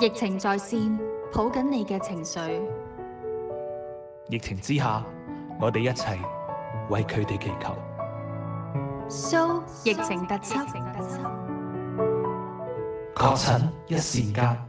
疫情在綫，抱緊你嘅情緒。疫情之下，我哋一齊為佢哋祈求。So 疫情特輯，確診一綫間。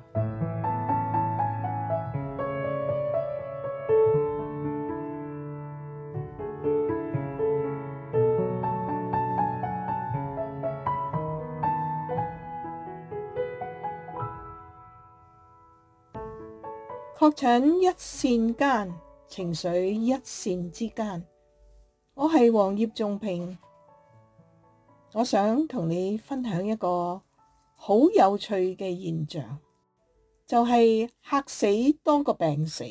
確診一線間，情緒一線之間。我係黃葉仲平，我想同你分享一個好有趣嘅現象，就係、是、嚇死多過病死。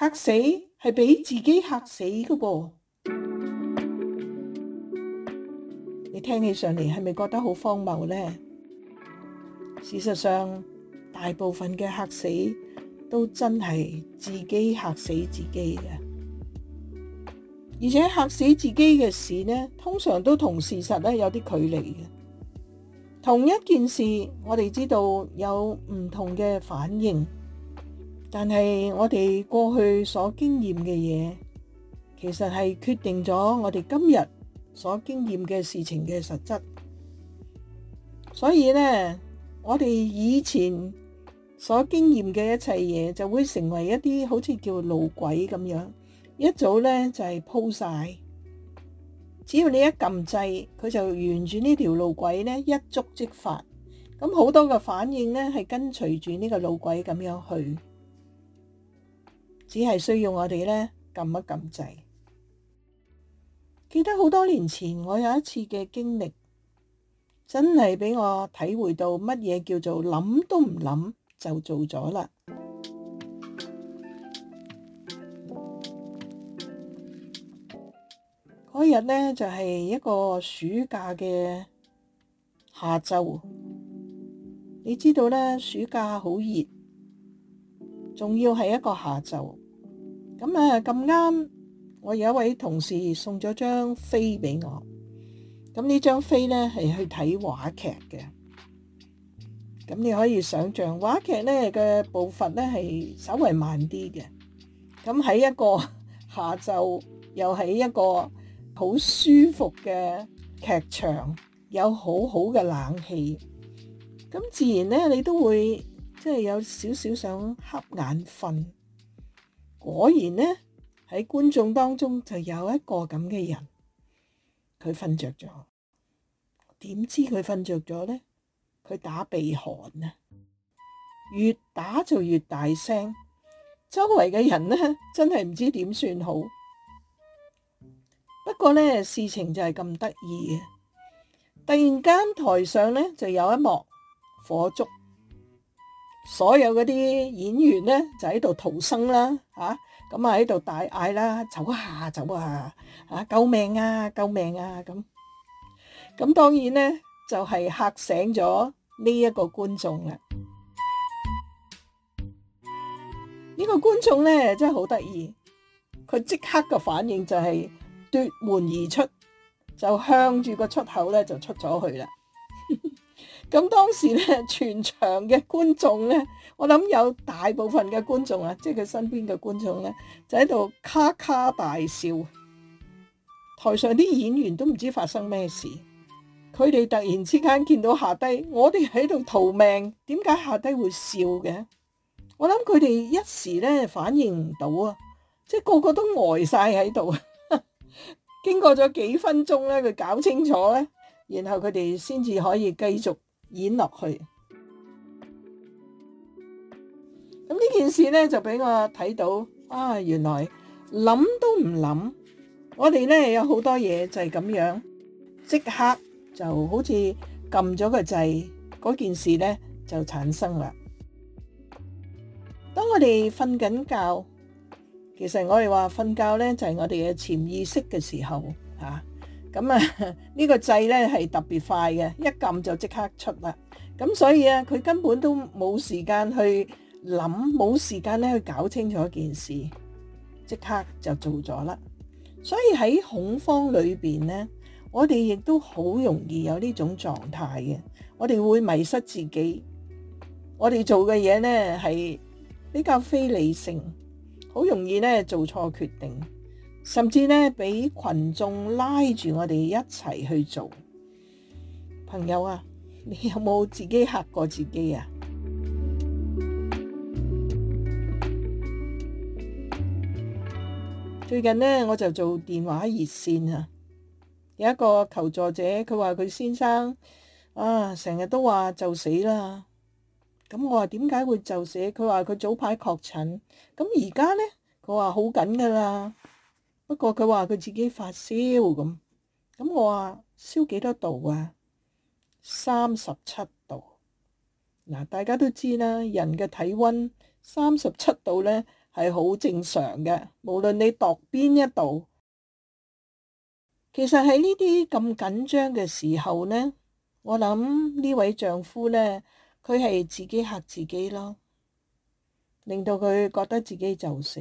嚇死係俾自己嚇死㗎噃，你聽起上嚟係咪覺得好荒謬呢？事實上。大部分嘅嚇死都真係自己嚇死自己嘅，而且嚇死自己嘅事呢，通常都同事實呢有啲距離嘅。同一件事，我哋知道有唔同嘅反應，但係我哋過去所經驗嘅嘢，其實係決定咗我哋今日所經驗嘅事情嘅實質。所以呢，我哋以前，所經驗嘅一切嘢就會成為一啲好似叫路軌咁樣，一早呢，就係鋪晒。只要你一撳掣，佢就沿住呢條路軌呢一觸即發。咁好多嘅反應呢，係跟隨住呢個路軌咁樣去，只係需要我哋呢，撳一撳掣。記得好多年前我有一次嘅經歷，真係俾我體會到乜嘢叫做諗都唔諗。就做咗啦！嗰日呢，就係一個暑假嘅下晝，你知道呢，暑假好熱，仲要係一個下晝。咁啊咁啱，我有一位同事送咗張飛俾我。咁呢張飛呢，係去睇話劇嘅。咁你可以想象，話劇呢，嘅步伐呢係稍微慢啲嘅。咁喺一個下晝，又喺一個好舒服嘅劇場，有好好嘅冷氣。咁自然呢，你都會即係有少少想瞌眼瞓。果然呢，喺觀眾當中就有一個咁嘅人，佢瞓着咗。點知佢瞓着咗呢？佢打鼻鼾啊，越打就越大聲，周圍嘅人呢真係唔知點算好。不過呢事情就係咁得意，突然間台上呢就有一幕火燭，所有嗰啲演員呢就喺度逃生啦，吓咁啊喺度大嗌啦，走下走下啊，啊救命啊救命啊咁，咁當然呢就係吓醒咗。呢一個觀眾啦，呢、這個觀眾呢，真係好得意，佢即刻嘅反應就係、是、奪門而出，就向住個出口呢就出咗去啦。咁 當時呢，全場嘅觀眾呢，我諗有大部分嘅觀眾啊，即係佢身邊嘅觀眾呢，就喺度咔咔大笑，台上啲演員都唔知發生咩事。佢哋突然之間見到下低，我哋喺度逃命，點解下低會笑嘅？我諗佢哋一時咧反應唔到啊，即係個個都呆晒喺度。 經過咗幾分鐘咧，佢搞清楚咧，然後佢哋先至可以繼續演落去。咁呢件事咧就俾我睇到啊，原來諗都唔諗，我哋咧有好多嘢就係咁樣即刻。就好似撳咗個掣，嗰件事呢就產生啦。當我哋瞓緊覺，其實我哋話瞓覺呢，就係我哋嘅潛意識嘅時候嚇。咁啊，呢個掣呢係特別快嘅，一撳就即刻出啦。咁所以啊，佢根本都冇時間去諗，冇時間咧去搞清楚一件事，即刻就做咗啦。所以喺恐慌裏邊呢。我哋亦都好容易有呢種狀態嘅，我哋會迷失自己，我哋做嘅嘢呢係比較非理性，好容易呢做錯決定，甚至呢俾群眾拉住我哋一齊去做。朋友啊，你有冇自己吓過自己啊？最近呢，我就做電話熱線啊。有一個求助者，佢話佢先生啊，成日都話就死啦。咁我話點解會就死？佢話佢早排確診，咁而家呢，佢話好緊噶啦。不過佢話佢自己發燒咁，咁我話燒幾多度啊？三十七度。嗱，啊，大家都知啦，人嘅體温三十七度呢係好正常嘅，無論你度邊一度。其實喺呢啲咁緊張嘅時候呢，我諗呢位丈夫呢，佢係自己嚇自己咯，令到佢覺得自己就死。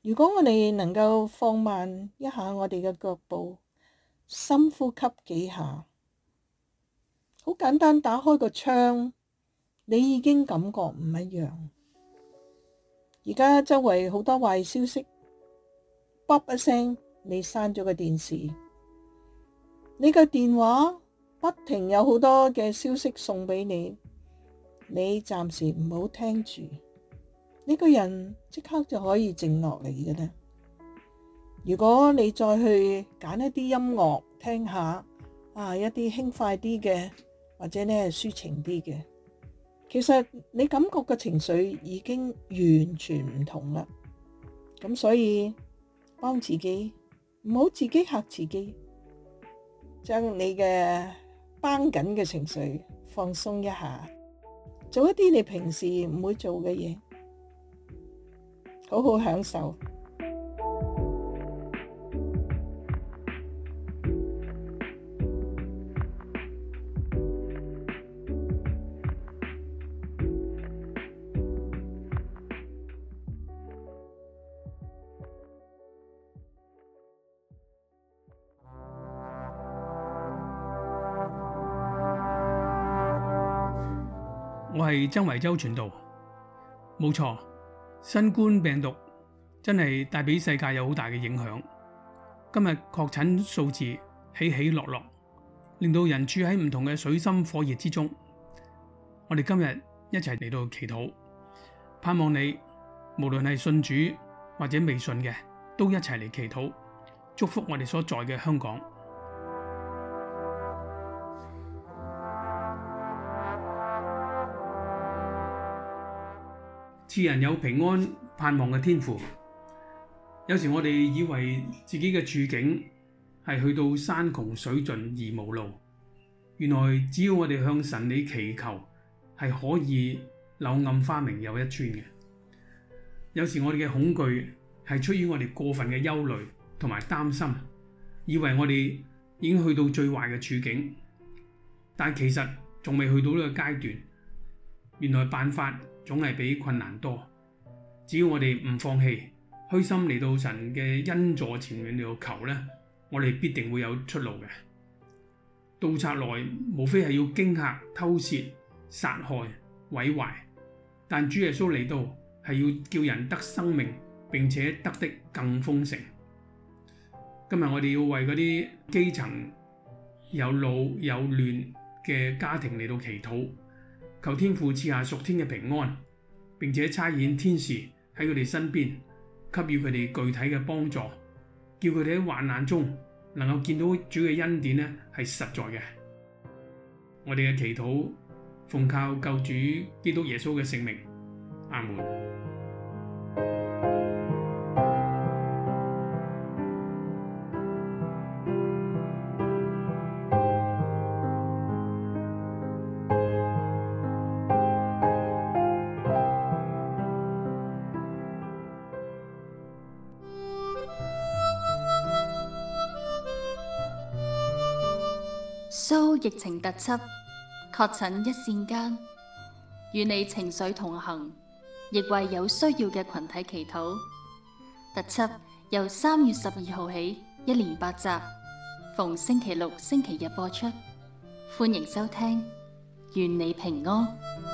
如果我哋能夠放慢一下我哋嘅腳步，深呼吸幾下，好簡單，打開個窗，你已經感覺唔一樣。而家周圍好多壞消息，噥一聲。你閂咗個電視，你個電話不停有好多嘅消息送畀你，你暫時唔好聽住，你個人即刻就可以靜落嚟噶啦。如果你再去揀一啲音樂聽下，啊，一啲輕快啲嘅，或者呢抒情啲嘅，其實你感覺嘅情緒已經完全唔同啦。咁所以幫自己。唔好自己嚇自己，將你嘅繃緊嘅情緒放鬆一下，做一啲你平時唔會做嘅嘢，好好享受。我係曾維洲傳道，冇錯，新冠病毒真係帶俾世界有好大嘅影響。今日確診數字起起落落，令到人住喺唔同嘅水深火熱之中。我哋今日一齊嚟到祈禱，盼望你無論係信主或者未信嘅，都一齊嚟祈禱，祝福我哋所在嘅香港。賜人有平安盼望嘅天父，有時我哋以為自己嘅處境係去到山窮水盡而無路，原來只要我哋向神你祈求，係可以柳暗花明又一村嘅。有時我哋嘅恐懼係出於我哋過分嘅憂慮同埋擔心，以為我哋已經去到最壞嘅處境，但其實仲未去到呢個階段，原來辦法。總係比困難多，只要我哋唔放棄，虛心嚟到神嘅恩助前面嚟到求呢，我哋必定會有出路嘅。盜賊來，無非係要驚嚇、偷竊、殺害、毀壞，但主耶穌嚟到係要叫人得生命，並且得的更豐盛。今日我哋要為嗰啲基層有老有嫩嘅家庭嚟到祈禱。求天父賜下屬天嘅平安，並且差遣天使喺佢哋身邊，給予佢哋具體嘅幫助，叫佢哋喺患難中能夠見到主嘅恩典咧，係實在嘅。我哋嘅祈禱奉靠救主基督耶穌嘅聖名，阿門。遭疫情特輯確診，一線間，與你情緒同行，亦為有需要嘅群體祈禱。特輯由三月十二號起，一連八集，逢星期六、星期日播出，歡迎收聽，願你平安。